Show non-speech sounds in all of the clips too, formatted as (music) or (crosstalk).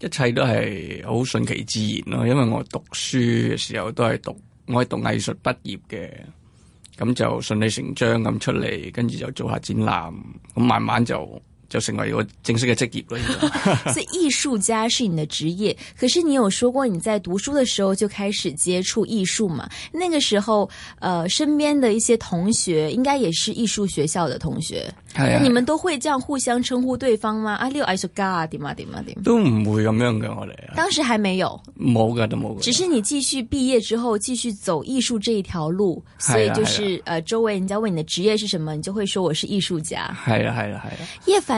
一切都係好順其自然咯，因為我讀書嘅時候都係讀，我係讀藝術畢業嘅，咁就順理成章咁出嚟，跟住就做下展覽，咁慢慢就。就成為一個正式嘅職業咯。 (laughs) (laughs) 所以藝術家是你的職業，可是你有說過你在讀書的時候就開始接觸藝術嘛？那個時候，呃，身邊的一些同學應該也是藝術學校的同學，是啊，那你們都會這樣互相稱呼對方嗎？啊，六藝術家點啊點啊點？都唔會咁樣嘅，我哋。當時還沒有，冇噶都冇噶。只是你繼續畢業之後，繼續走藝術這一條路，所以就是，是啊是啊呃，周圍人家問你的職業是什麼，你就會說我是藝術家。係啊係啊係啊。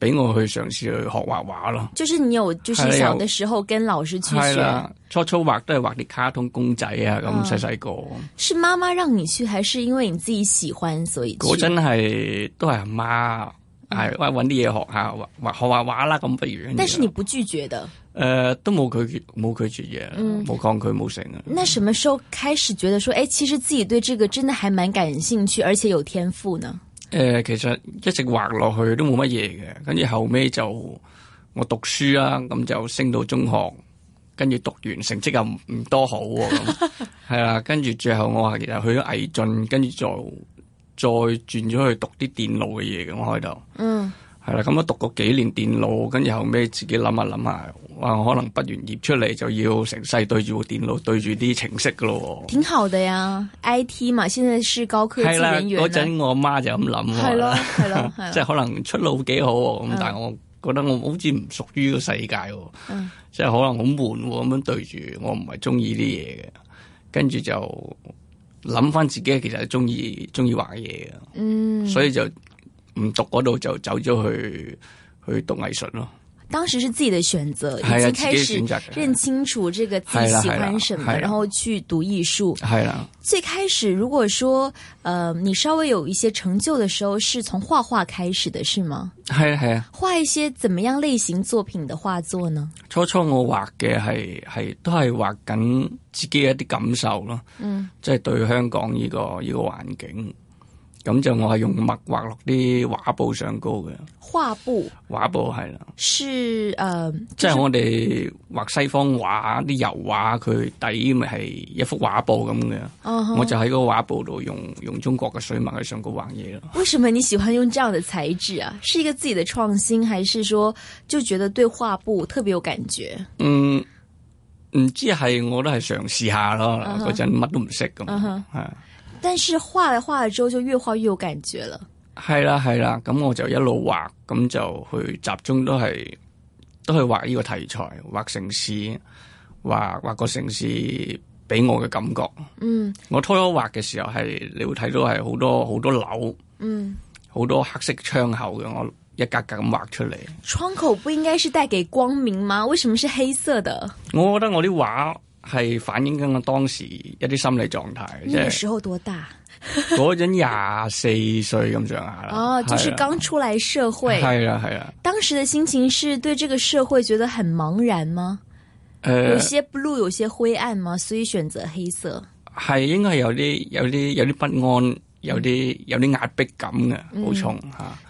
俾我去嘗試去學畫畫咯，就是你有，就是小嘅時候跟老師去學，是你是初初畫都係畫啲卡通公仔啊？咁細細個。是媽媽讓你去，還是因為你自己喜歡所以？我真係都係阿媽，係搵啲嘢學下，畫學畫畫啦，咁不如。但是你不拒絕的，誒、呃，都冇拒絕，冇拒絕嘢，冇抗拒，冇成啊。那什麼時候開始覺得說，誒、哎，其實自己對這個真的還蠻感興趣，而且有天賦呢？誒，其實一直畫落去都冇乜嘢嘅，跟住後尾就我讀書啦，咁就升到中學，跟住讀完成績又唔多好，係啦，跟住 (laughs) 最後我話其實去咗藝進，跟住就再轉咗去讀啲電腦嘅嘢，咁我喺度。嗯係啦，咁啊讀過幾年電腦，跟住後尾自己諗下諗下，哇！可能畢完業出嚟就要成世對住個電腦，對住啲程式噶咯。挺好的呀，I T 嘛，現在是高科技人員。嗰陣我媽就咁諗，係咯係咯，即係可能出路幾好。咁但係我覺得我好似唔屬於個世界，喎、嗯，即係可能好悶咁樣對住，我唔係中意啲嘢嘅。跟住就諗翻自己，其實係中意中意畫嘢嘅，嗯，所以就。唔讀嗰度就走咗去去讀藝術咯。當時是自己的選擇，啊、已經開始認清楚這個自己喜歡什麼，啊啊啊啊、然後去讀藝術。係啦、啊。啊、最開始如果說，呃，你稍微有一些成就的時候，是從畫畫開始的，是嗎？係啊係啊。啊畫一些怎麼樣類型作品的畫作呢？初初我畫嘅係係都係畫緊自己嘅一啲感受咯，嗯，即係對香港呢、呢個呢、呢個環境。咁就我係用墨畫落啲畫布上高嘅畫布，畫布係啦，是誒，即係的我哋畫西方畫啲、就是、油畫，佢底咪係一幅畫布咁嘅，uh huh. 我就喺個畫布度用用中國嘅水墨去上高畫嘢咯。為什麼你喜歡用這樣的材質啊？是一個自己的創新，還是說就覺得對畫布特別有感覺？嗯，唔知係我都係嘗試下咯，嗰陣乜都唔識咁但是畫了畫了之後就越畫越有感覺了。係啦，係啦，咁、啊、我就一路畫，咁就去集中都係都去畫呢個題材，畫城市，畫畫個城市俾我嘅感覺。嗯，我初初畫嘅時候係你會睇到係好多好多樓，嗯，好多黑色窗口嘅，我一格格咁畫出嚟。窗口不應該是帶給光明嗎？為什麼是黑色的？我覺得我啲畫係反映緊我當時一啲心理狀態。呢個時候多大？嗰陣廿四歲咁上下啦。 (laughs) 哦，就是剛出來社會。係啊，係啊。啊當時的心情是對這個社會覺得很茫然嗎？呃、有些 blue，有些灰暗嗎？所以選擇黑色。係應該有啲有啲有啲不安，有啲有啲壓迫感嘅，好重吓。嗯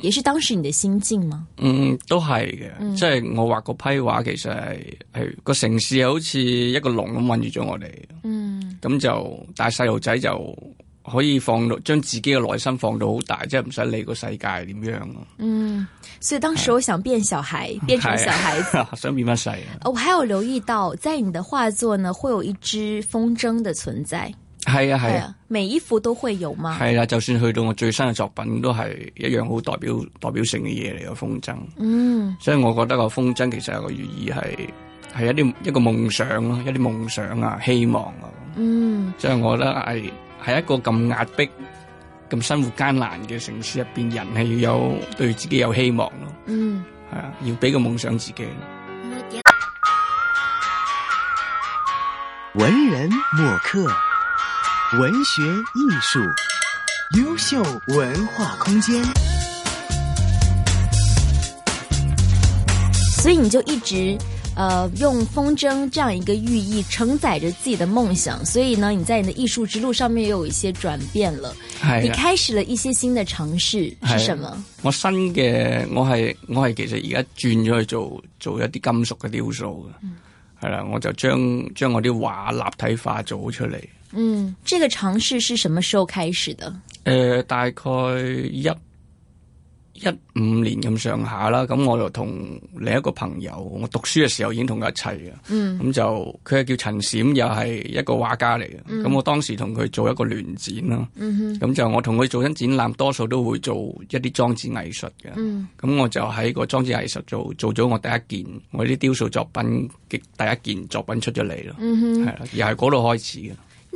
也是當時你的心境嗎？嗯，都係嘅，嗯、即係我畫個批畫，其實係係個城市好似一個籠咁困住咗我哋。嗯，咁就但係細路仔就可以放到，將自己嘅內心放到好大，即係唔使理個世界係點樣咯、啊。嗯，所以當時我想變小孩，嗯、變成小孩子，想變翻細、啊啊、我還有留意到，在你的畫作呢，會有一隻風箏的存在。係啊，係啊。是啊每一幅都會有嘛？係啦，就算去到我最新嘅作品，都係一樣好代表代表性嘅嘢嚟嘅風箏。嗯，所以我覺得個風箏其實有個寓意係係一啲一個夢想咯，一啲夢想啊，希望啊。嗯，所以我覺得係係一個咁壓迫、咁生活艱難嘅城市入邊，人係要有對自己有希望咯。嗯，係啊，要俾個夢想自己。嗯，文人墨客。文學藝術，優秀文化空間。所以你就一直，呃，用風箏這樣一個寓意承載着自己的夢想。所以呢，你在你的藝術之路上面又有一些轉變了。是的，你開始了一些新的嘗試是什麼？是的，我新嘅，我係我係其實而家轉咗去做做一啲金屬嘅雕塑嘅，係啦、嗯，我就將將我啲畫立體化做出嚟。嗯，這個嘗試是什麼時候開始的誒、呃，大概一一五年咁上下啦。咁我又同另一個朋友，我讀書嘅時候已經同佢一齊嘅。咁、嗯、就佢係叫陳閃，又係一個畫家嚟嘅。咁、嗯、我當時同佢做一個聯展啦。咁、嗯、哼就我同佢做緊展覽，多數都會做一啲裝置藝術嘅。咁、嗯、我就喺個裝置藝術做做咗我第一件我啲雕塑，作品嘅第一件作品出咗嚟咯。係啦、嗯哼，而係嗰度開始嘅。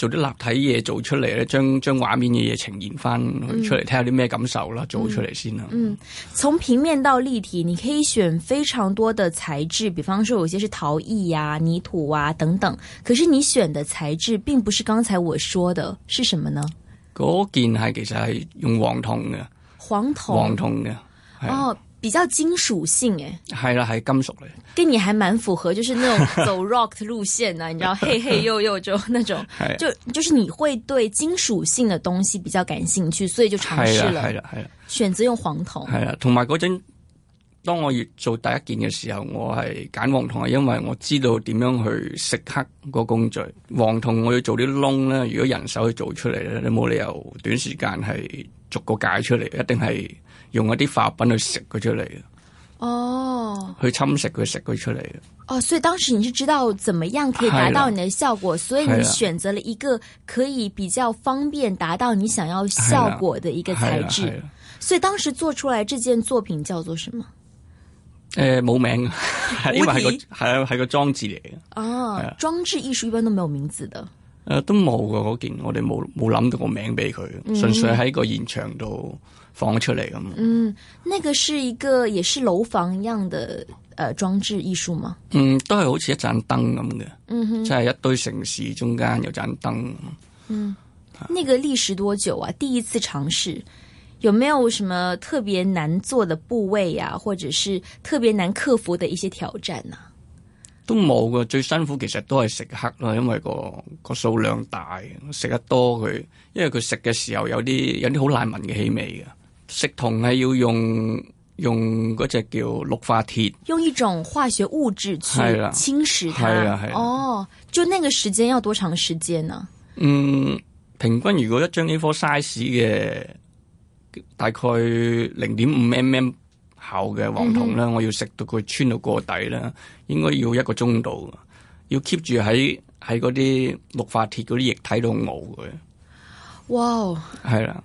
做啲立體嘢做出嚟咧，將將畫面嘅嘢呈現翻出嚟，睇下啲咩感受啦，做出嚟、嗯、先啦、嗯。嗯，從平面到立體，你可以選非常多的材質，比方說有些是陶藝呀、啊、泥土啊等等。可是你選的材質並不是剛才我說的，是什麼呢？嗰件係其實係用黃銅嘅，黃銅，黃銅嘅哦。比較金屬性誒、欸，係啦、啊，係金屬嚟。跟你還蠻符合，就是那種走 rock 嘅路線啦、啊。 (laughs) 你知道，嘿嘿，又又就那種， (laughs) 啊、就就是你會對金屬性嘅東西比較感興趣，所以就嘗試了，係啦，係啦，選擇用黃銅。係啦、啊，同埋嗰陣，當我要做第一件嘅時候，我係揀黃銅係因為我知道點樣去蝕刻個工具。黃銅我要做啲窿咧，如果人手去做出嚟咧，你冇理由短時間係。逐個解出嚟，一定係用一啲化品去食佢出嚟嘅。哦，去侵蝕佢，食佢出嚟。哦，所以當時你是知道怎麼樣可以達到你的效果，的所以你選擇了一個可以比較方便達到你想要效果嘅一個材質。所以當時做出來這件作品叫做什麼？誒、呃，冇名，因為個係個係係個裝置嚟嘅。哦、啊，的裝置藝術一般都冇名字的。都冇噶嗰件我過，我哋冇冇諗到個名俾佢，純粹喺個現場度放咗出嚟咁。嗯，那個是一個也是樓房一樣的誒裝置藝術嗎？嗯，都係好似一盞燈咁嘅，嗯哼，即係一堆城市中間有盞燈。嗯哼，是，那個歷時多久啊？第一次嘗試，有沒有什麼特別難做的部位呀、啊，或者是特別難克服的一些挑戰呢、啊？都冇嘅，最辛苦其實都係食黑啦，因為個個數量大，食得多佢，因為佢食嘅時候有啲有啲好難聞嘅氣味嘅。食同係要用用嗰隻叫氯化鐵，用一種化學物質去侵蝕它。哦，的的 oh, 就呢個時間要多長時間呢？嗯，平均如果一張 A4 size 嘅大概零點五 mm。厚嘅黃銅呢，我要食到佢穿到過底啦，應該要一個鐘度，要 keep 住喺喺嗰啲氯化鐵嗰啲液體度熬佢。哇 Wow.！係啦。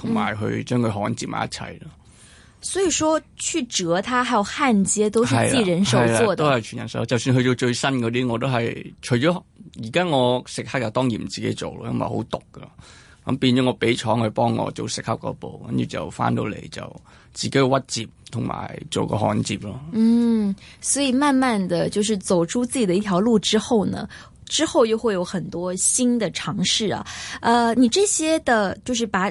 同埋去將佢焊接埋一齊咯、嗯。所以說去折它，還有焊接，都是自己人手做的，的的都係全人手。就算去到最新嗰啲，我都係除咗而家我食黑就當然唔自己做咯，因為好毒噶。咁變咗我俾廠去幫我做食黑嗰部，跟住就翻到嚟就自己去屈接，同埋做個焊接咯。嗯，所以慢慢的就是走出自己的一條路之後呢，之後又會有很多新的嘗試啊。呃，你這些的，就是把。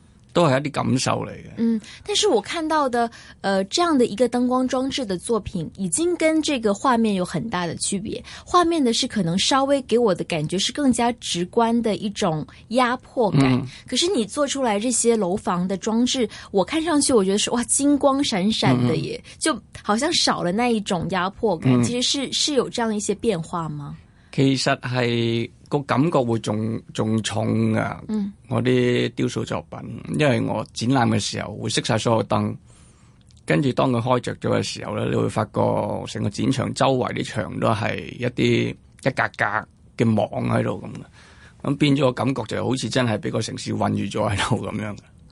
都係一啲感受嚟嘅。嗯，但是我看到的，呃，這樣的一個燈光裝置的作品，已經跟這個畫面有很大的區別。畫面的是可能稍微給我的感覺是更加直觀的一種壓迫感。嗯、可是你做出來這些樓房的裝置，我看上去我覺得是，哇，金光閃閃的，耶，就好像少了那一種壓迫感。嗯、其實是是有這樣一些變化嗎？其實係。.個感覺會仲仲重㗎，我啲雕塑作品，嗯、因為我展覽嘅時候會熄晒所有燈，跟住當佢開着咗嘅時候咧，你會發覺成個展場周圍啲牆都係一啲一格格嘅網喺度咁嘅，咁變咗個感覺就好似真係俾個城市困住咗喺度咁樣。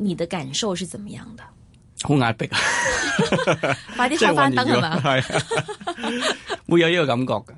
你的感受是怎麼樣的？好壓迫啊，快點上班等。係咪係會有呢個感覺嘅？